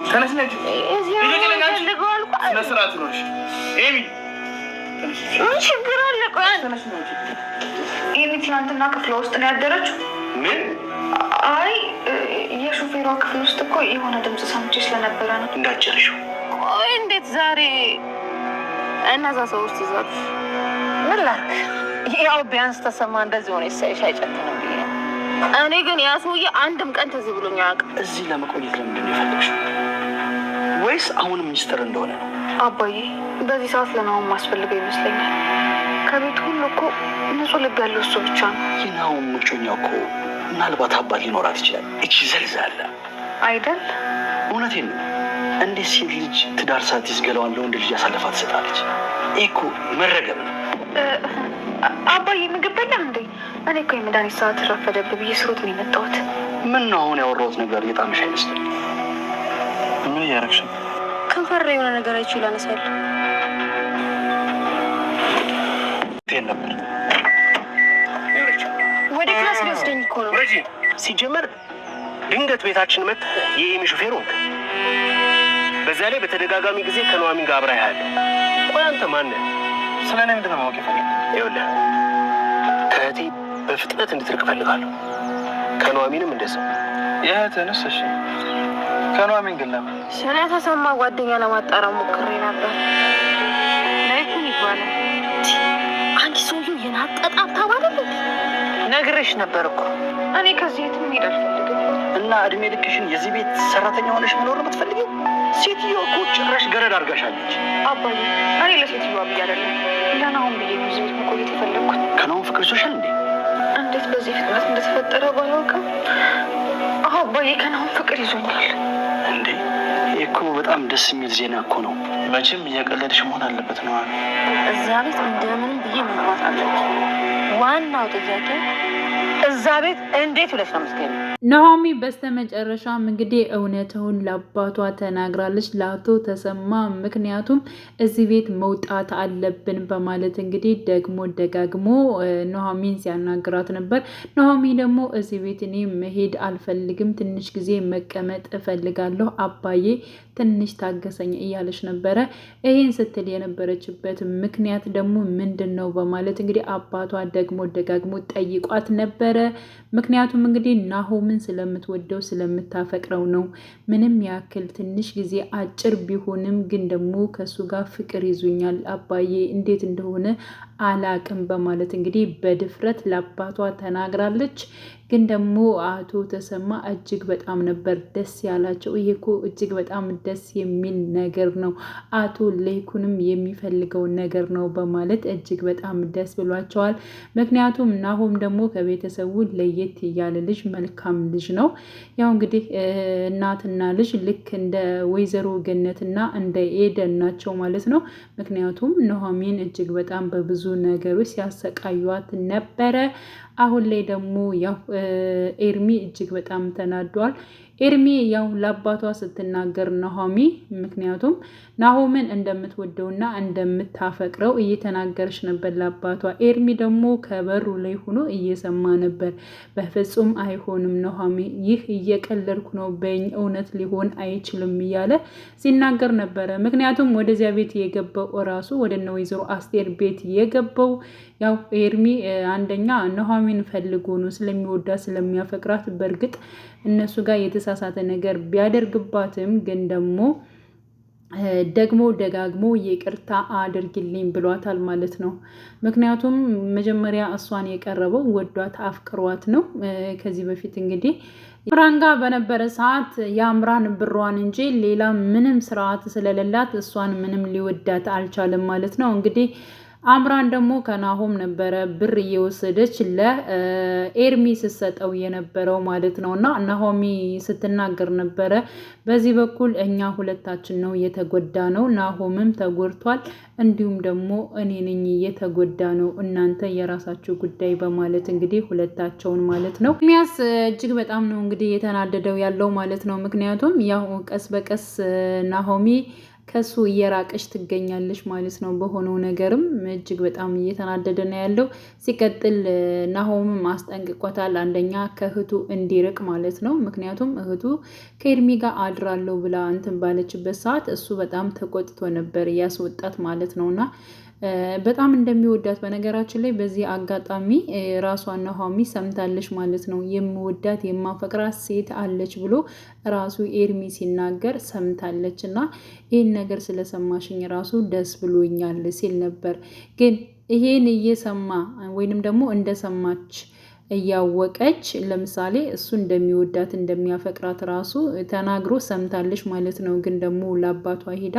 ምን ኤሚ ትናንትና ክፍሏ ውስጥ ነው ያደረችው። ምን? አይ የሹፌሯ ክፍል ውስጥ እኮ የሆነ ድምፅ ሰምቼ ስለነበረ ነው። እንዳጨርሽው። ቆይ እንዴት ዛሬ እነዛ ሰዎች ትዛት ምን ላክ? ያው ቢያንስ ተሰማ እንደዚህ ሆነ ይሳይሽ አይጨትንም እኔ ግን ያ ሰውዬ አንድም ቀን ተዚህ ብሎኛ ያውቅ። እዚህ ለመቆየት ለምንድን ነው የፈለግሽው? ወይስ አሁን ሚኒስትር እንደሆነ ነው? አባዬ በዚህ ሰዓት ለናሁን ማስፈልገው ይመስለኛል። ከቤት ሁሉ እኮ ንጹህ ልብ ያለው እሱ ብቻ ነው። የናሁን ምጮኛ እኮ ምናልባት አባት ሊኖራት ይችላል። እቺ ዘልዛለ አይደል? እውነቴ ነው። እንዴት ሴት ልጅ ትዳር ሳትይዝ ገለዋን ለወንድ ልጅ ያሳልፋ ትሰጣለች? ይህ እኮ መረገም ነው። አባዬ ምግብ በላ እንዴ? እኔ እኮ የመድኃኒት ሰዓት ረፈደብ ብዬ ስሮጥ ነው የመጣሁት። ምን ነው አሁን ያወራሁት ነገር የጣምሽ አይመስለኝ። ምን እያረግሽ ነው? ፈራ የሆነ ነገር አይችል ያነሳል ወደ ክላስ ሊወስደኝ እኮ ነው። ረጂ ሲጀመር ድንገት ቤታችን መጥ የኤሚ ሹፌር ወንክ በዛ ላይ በተደጋጋሚ ጊዜ ከነዋሚን ጋር አብራ ያህል። ቆይ አንተ ማነህ? ስለ እኔ ምንድን ነው ማወቅ ይፈልግ? ይኸውልህ ከእህቴ በፍጥነት እንድትርቅ እፈልጋለሁ። ከነዋሚንም እንደዚያው የእህትህን እሺ ምን ግን ለምን ሰኔ ተሰማ ጓደኛ ለማጣራ ሞክሬ ነበር። ላይኩን ይባላል። አንድ ሰውዬው የናጠጣ ሀብታም ነግሬሽ ነበር እኮ እኔ ከዚህ የት መሄድ እና እድሜ ልክሽን የዚህ ቤት ሰራተኛ ሆነሽ መኖር ነው ሴትዮ እኮ ጭራሽ ገረድ አድርጋሻለች። አባዬ እኔ ለሴትዮ ብዬ አይደለም ለናሁን ብዬ ነው እዚህ ቤት መቆየት የፈለግኩት። ከናሁን ፍቅር ይዞሻል እንዴ? እንዴት በዚህ ፍጥነት እንደተፈጠረ ባላውቅም አባዬ ከናሁን ፍቅር ይዞኛል። እንዴ እኮ በጣም ደስ የሚል ዜና እኮ ነው። መቼም እያቀለድሽ መሆን አለበት ነው። እዛ ቤት እንደምን ብዬ መግባት አለች። ዋናው ጥያቄ እዛ ቤት እንዴት ብለሽ ነው የምትገኘው? ናሆሚ በስተመጨረሻም እንግዲህ እውነትውን ለአባቷ ተናግራለች ለአቶ ተሰማ። ምክንያቱም እዚህ ቤት መውጣት አለብን በማለት እንግዲህ ደግሞ ደጋግሞ ናሆሚን ሲያናግራት ነበር። ናሆሚ ደግሞ እዚህ ቤት እኔ መሄድ አልፈልግም፣ ትንሽ ጊዜ መቀመጥ እፈልጋለሁ፣ አባዬ ትንሽ ታገሰኝ እያለች ነበረ። ይህን ስትል የነበረችበት ምክንያት ደግሞ ምንድን ነው በማለት እንግዲህ አባቷ ደግሞ ደጋግሞ ጠይቋት ነበረ። ምክንያቱም እንግዲህ ናሆሚ ምን ስለምትወደው ስለምታፈቅረው ነው። ምንም ያክል ትንሽ ጊዜ አጭር ቢሆንም ግን ደግሞ ከእሱ ጋር ፍቅር ይዞኛል አባዬ፣ እንዴት እንደሆነ አላቅም በማለት እንግዲህ በድፍረት ለአባቷ ተናግራለች። ግን ደግሞ አቶ ተሰማ እጅግ በጣም ነበር ደስ ያላቸው። ይሄ እኮ እጅግ በጣም ደስ የሚል ነገር ነው፣ አቶ ለይኩንም የሚፈልገው ነገር ነው በማለት እጅግ በጣም ደስ ብሏቸዋል። ምክንያቱም ናሆም ደግሞ ከቤተሰቡ ለየት ያለ ልጅ መልካም መልካም ልጅ ነው። ያው እንግዲህ እናትና ልጅ ልክ እንደ ወይዘሮ ገነትና እንደ ኤደን ናቸው ማለት ነው። ምክንያቱም ኑሐሚን እጅግ በጣም በብዙ ነገሮች ሲያሰቃዩት ነበረ። አሁን ላይ ደግሞ ያው ኤርሚ እጅግ በጣም ተናዷል። ኤርሚ ያው ለአባቷ ስትናገር ናሆሚ ምክንያቱም ናሆምን እንደምትወደውና እንደምታፈቅረው እየተናገረች ነበር ለአባቷ። ኤርሚ ደግሞ ከበሩ ላይ ሆኖ እየሰማ ነበር። በፍጹም አይሆንም ናሆሚ፣ ይህ እየቀለድኩ ነው በኝ እውነት ሊሆን አይችልም እያለ ሲናገር ነበረ። ምክንያቱም ወደዚያ ቤት የገባው እራሱ ወደ ወይዘሮ አስቴር ቤት የገባው ያው ኤርሚ አንደኛ ናሆሚን ፈልጎ ነው ስለሚወዳት ስለሚያፈቅራት በእርግጥ እነሱ ጋር የተሳሳተ ነገር ቢያደርግባትም ግን ደግሞ ደግሞ ደጋግሞ ይቅርታ አድርግልኝ ብሏታል ማለት ነው። ምክንያቱም መጀመሪያ እሷን የቀረበው ወዷት አፍቅሯት ነው። ከዚህ በፊት እንግዲህ አምራን ጋር በነበረ ሰዓት የአምራን ብሯን እንጂ ሌላ ምንም ስርዓት ስለሌላት እሷን ምንም ሊወዳት አልቻለም ማለት ነው እንግዲህ አምራን ደግሞ ከናሆም ነበረ ብር እየወሰደች ለኤርሚ ስትሰጠው የነበረው ማለት ነው። እና ናሆሚ ስትናገር ነበረ በዚህ በኩል እኛ ሁለታችን ነው የተጎዳ ነው፣ ናሆምም ተጎድቷል፣ እንዲሁም ደግሞ እኔ ነኝ የተጎዳ ነው፣ እናንተ የራሳችሁ ጉዳይ በማለት እንግዲህ ሁለታቸውን ማለት ነው ሚያስ እጅግ በጣም ነው እንግዲህ የተናደደው ያለው ማለት ነው። ምክንያቱም ያው ቀስ በቀስ ናሆሚ ከሱ እየራቀች ትገኛለች ማለት ነው። በሆነው ነገርም እጅግ በጣም እየተናደደ ነው ያለው። ሲቀጥል ናሆምም አስጠንቅቆታል። አንደኛ ከእህቱ እንዲርቅ ማለት ነው። ምክንያቱም እህቱ ከኤድሚ ጋር አድራለሁ ብላ እንትን ባለችበት ሰዓት እሱ በጣም ተቆጥቶ ነበር ያስወጣት ማለት ነውና በጣም እንደሚወዳት በነገራችን ላይ በዚህ አጋጣሚ ራሷ ኑሃሚ ሰምታለች ማለት ነው። የምወዳት የማፈቅራት ሴት አለች ብሎ ራሱ ኤርሚ ሲናገር ሰምታለች እና ይህን ነገር ስለሰማሽኝ ራሱ ደስ ብሎኛል ሲል ነበር። ግን ይሄን እየሰማ ወይንም ደግሞ እንደሰማች እያወቀች ለምሳሌ እሱ እንደሚወዳት እንደሚያፈቅራት ራሱ ተናግሮ ሰምታለች ማለት ነው። ግን ደግሞ ለአባቷ ሄዳ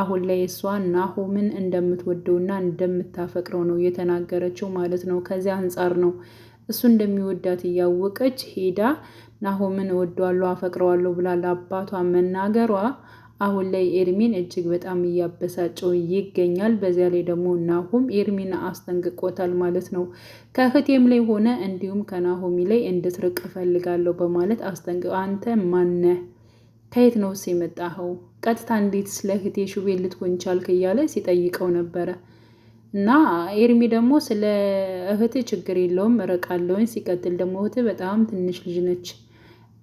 አሁን ላይ እሷ ናሆምን እንደምትወደውና እንደምታፈቅረው ነው የተናገረችው ማለት ነው። ከዚያ አንጻር ነው እሱ እንደሚወዳት እያወቀች ሄዳ ናሆምን እወደዋለሁ አፈቅረዋለሁ ብላ ለአባቷ መናገሯ አሁን ላይ ኤርሚን እጅግ በጣም እያበሳጨው ይገኛል። በዚያ ላይ ደግሞ ናሁም ኤርሚን አስጠንቅቆታል ማለት ነው። ከህቴም ላይ ሆነ እንዲሁም ከናሆሚ ላይ እንድትርቅ እፈልጋለሁ በማለት አስጠንቅ አንተ ማነ ከየት ነውስ የመጣኸው? ቀጥታ እንዴት ስለ ህቴ ሹቤ ልትሆን ቻልክ? እያለ ሲጠይቀው ነበረ እና ኤርሚ ደግሞ ስለ እህት ችግር የለውም እረቃለሁኝ። ሲቀጥል ደግሞ እህት በጣም ትንሽ ልጅ ነች፣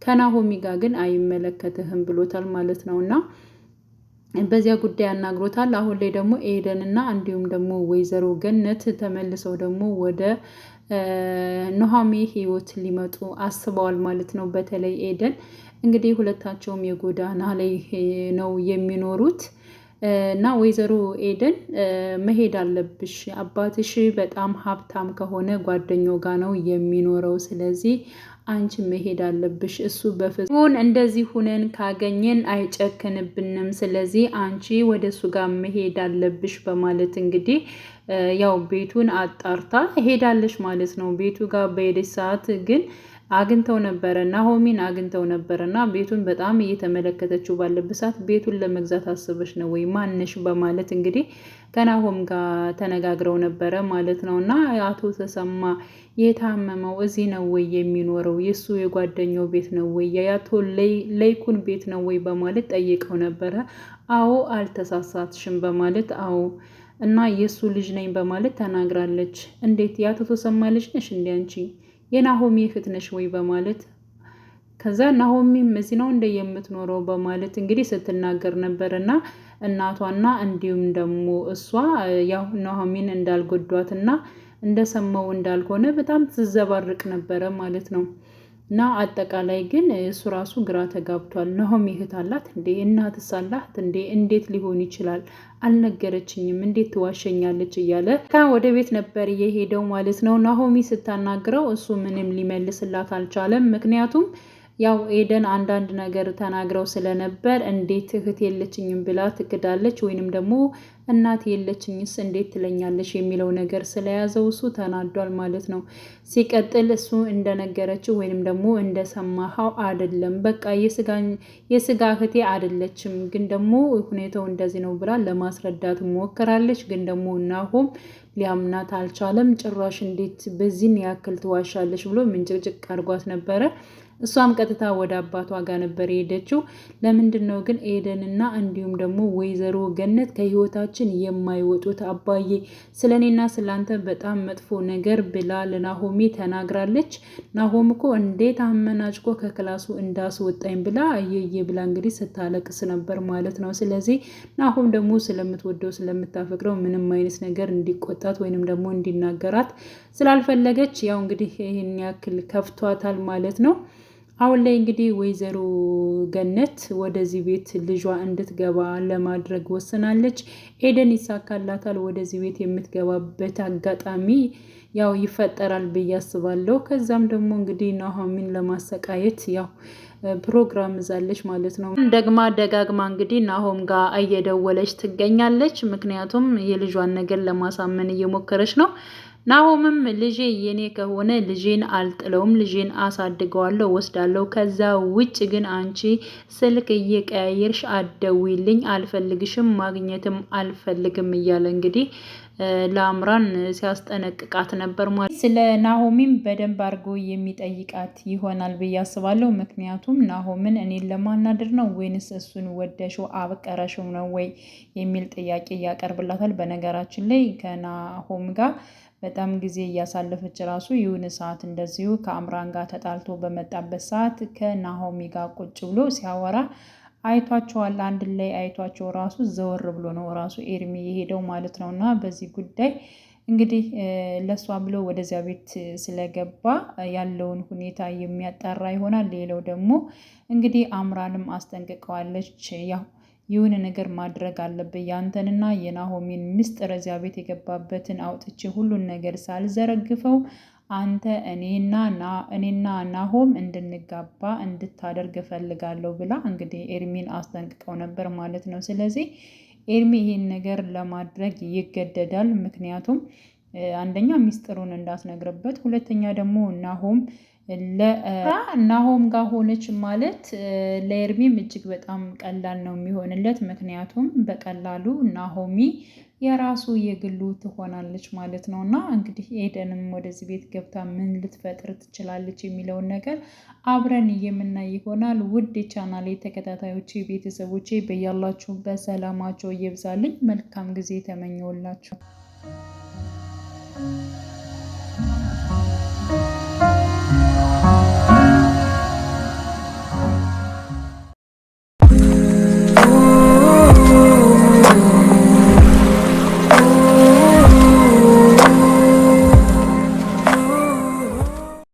ከናሆሚ ጋር ግን አይመለከትህም ብሎታል ማለት ነው እና በዚያ ጉዳይ አናግሮታል። አሁን ላይ ደግሞ እና እንዲሁም ደግሞ ወይዘሮ ገነት ተመልሰው ደግሞ ወደ ኖሃሜ ህይወት ሊመጡ አስበዋል ማለት ነው። በተለይ ኤደን እንግዲህ ሁለታቸውም የጎዳና ላይ ነው የሚኖሩት እና ወይዘሮ ኤደን መሄድ አለብሽ፣ አባትሽ በጣም ሀብታም ከሆነ ጓደኛው ጋ ነው የሚኖረው። ስለዚህ አንቺ መሄድ አለብሽ። እሱ በፍጹም እንደዚህ ሁነን ካገኘን አይጨክንብንም። ስለዚህ አንቺ ወደ እሱ ጋር መሄድ አለብሽ በማለት እንግዲህ ያው ቤቱን አጣርታ ሄዳለች ማለት ነው። ቤቱ ጋር በሄደች ሰዓት ግን አግኝተው ነበረ ናሆሚን አግኝተው ነበረ እና ቤቱን በጣም እየተመለከተችው ባለበት ሰዓት ቤቱን ለመግዛት አስበሽ ነው ወይ ማንሽ በማለት እንግዲህ ከናሆም ጋር ተነጋግረው ነበረ ማለት ነው። እና አቶ ተሰማ የታመመው እዚህ ነው ወይ የሚኖረው የእሱ የጓደኛው ቤት ነው ወይ የአቶ ለይኩን ቤት ነው ወይ በማለት ጠይቀው ነበረ። አዎ አልተሳሳትሽም በማለት አዎ እና የእሱ ልጅ ነኝ በማለት ተናግራለች። እንዴት የአቶ ተሰማ ልጅ ነሽ እንዲያንቺ የናሆሚ እህት ነሽ ወይ በማለት ከዛ ናሆሚም እዚህ ነው እንደ የምትኖረው በማለት እንግዲህ ስትናገር ነበር እና እናቷና እንዲሁም ደግሞ እሷ ያው ናሆሚን እንዳልጎዷትና እንደሰማው እንዳልሆነ በጣም ትዘባርቅ ነበረ ማለት ነው። እና አጠቃላይ ግን እሱ ራሱ ግራ ተጋብቷል። ናሆም እህት አላት እንዴ? እናትስ አላት እንዴ? እንዴት ሊሆን ይችላል? አልነገረችኝም፣ እንዴት ትዋሸኛለች? እያለ ወደ ቤት ነበር የሄደው ማለት ነው። ናሆሚ ስታናግረው እሱ ምንም ሊመልስላት አልቻለም። ምክንያቱም ያው ኤደን አንዳንድ ነገር ተናግረው ስለነበር እንዴት እህት የለችኝም ብላ ትክዳለች ወይንም ደግሞ እናት የለችኝስ እንዴት ትለኛለች የሚለው ነገር ስለያዘው እሱ ተናዷል ማለት ነው። ሲቀጥል እሱ እንደነገረችው ወይንም ደግሞ እንደሰማኸው አይደለም፣ በቃ የስጋ እህቴ አይደለችም፣ ግን ደግሞ ሁኔታው እንደዚህ ነው ብላ ለማስረዳት ሞክራለች። ግን ደግሞ እናሆም ሊያምናት አልቻለም። ጭራሽ እንዴት በዚህን ያክል ትዋሻለች ብሎ ምንጭቅጭቅ አድርጓት ነበረ። እሷም ቀጥታ ወደ አባቷ ጋር ነበር የሄደችው። ለምንድን ነው ግን ኤደንና እንዲሁም ደግሞ ወይዘሮ ገነት ከህይወታችን የማይወጡት አባዬ ስለኔና ስላንተ በጣም መጥፎ ነገር ብላ ለናሆሜ ተናግራለች። ናሆም እኮ እንዴት አመናጭቆ ከክላሱ እንዳስወጣኝ ብላ እየየ ብላ እንግዲህ ስታለቅስ ነበር ማለት ነው። ስለዚህ ናሆም ደግሞ ስለምትወደው ስለምታፈቅረው ምንም አይነት ነገር እንዲቆጣት ወይንም ደግሞ እንዲናገራት ስላልፈለገች ያው እንግዲህ ይህን ያክል ከፍቷታል ማለት ነው። አሁን ላይ እንግዲህ ወይዘሮ ገነት ወደዚህ ቤት ልጇ እንድትገባ ለማድረግ ወስናለች። ኤደን ይሳካላታል ወደዚህ ቤት የምትገባበት አጋጣሚ ያው ይፈጠራል ብዬ አስባለሁ። ከዛም ደግሞ እንግዲህ ናሆሚን ለማሰቃየት ያው ፕሮግራም ይዛለች ማለት ነው። ደግማ ደጋግማ እንግዲህ ናሆም ጋር እየደወለች ትገኛለች። ምክንያቱም የልጇን ነገር ለማሳመን እየሞከረች ነው። ናሆምም ልጄ የኔ ከሆነ ልጄን አልጥለውም፣ ልጄን አሳድገዋለሁ፣ ወስዳለሁ። ከዛ ውጭ ግን አንቺ ስልክ እየቀያየርሽ አደዊልኝ፣ አልፈልግሽም፣ ማግኘትም አልፈልግም እያለ እንግዲህ ለአምራን ሲያስጠነቅቃት ነበር። ማለት ስለ ናሆሚም በደንብ አድርጎ የሚጠይቃት ይሆናል ብዬ አስባለሁ። ምክንያቱም ናሆምን እኔን ለማናደር ነው ወይንስ እሱን ወደሽው አብቀረሽው ነው ወይ የሚል ጥያቄ እያቀርብላታል። በነገራችን ላይ ከናሆም ጋር በጣም ጊዜ እያሳለፈች ራሱ ይሁን ሰዓት እንደዚሁ ከአምራን ጋር ተጣልቶ በመጣበት ሰዓት ከናሆሚ ጋር ቁጭ ብሎ ሲያወራ አይቷቸዋል። አንድ ላይ አይቷቸው ራሱ ዘወር ብሎ ነው ራሱ ኤርሚ የሄደው ማለት ነው። እና በዚህ ጉዳይ እንግዲህ ለእሷ ብሎ ወደዚያ ቤት ስለገባ ያለውን ሁኔታ የሚያጣራ ይሆናል። ሌላው ደግሞ እንግዲህ አምራንም አስጠንቅቀዋለች ያው የሆነ ነገር ማድረግ አለብህ። ያንተንና የናሆሚን ምስጢር እዚያ ቤት የገባበትን አውጥቼ ሁሉን ነገር ሳልዘረግፈው አንተ እኔና እኔና ናሆም እንድንጋባ እንድታደርግ እፈልጋለሁ ብላ እንግዲህ ኤርሚን አስጠንቅቀው ነበር ማለት ነው። ስለዚህ ኤርሚ ይህን ነገር ለማድረግ ይገደዳል። ምክንያቱም አንደኛ ሚስጥሩን እንዳስነግርበት፣ ሁለተኛ ደግሞ ናሆም ናሆም ጋር ሆነች ማለት ለኤርሚም እጅግ በጣም ቀላል ነው የሚሆንለት። ምክንያቱም በቀላሉ ናሆሚ የራሱ የግሉ ትሆናለች ማለት ነው። እና እንግዲህ ኤደንም ወደዚህ ቤት ገብታ ምን ልትፈጥር ትችላለች የሚለውን ነገር አብረን የምናይ ይሆናል። ውድ የቻናሌ ተከታታዮቼ ቤተሰቦቼ፣ በያላችሁ ሰላማቸው እየብዛልኝ መልካም ጊዜ ተመኘውላቸው።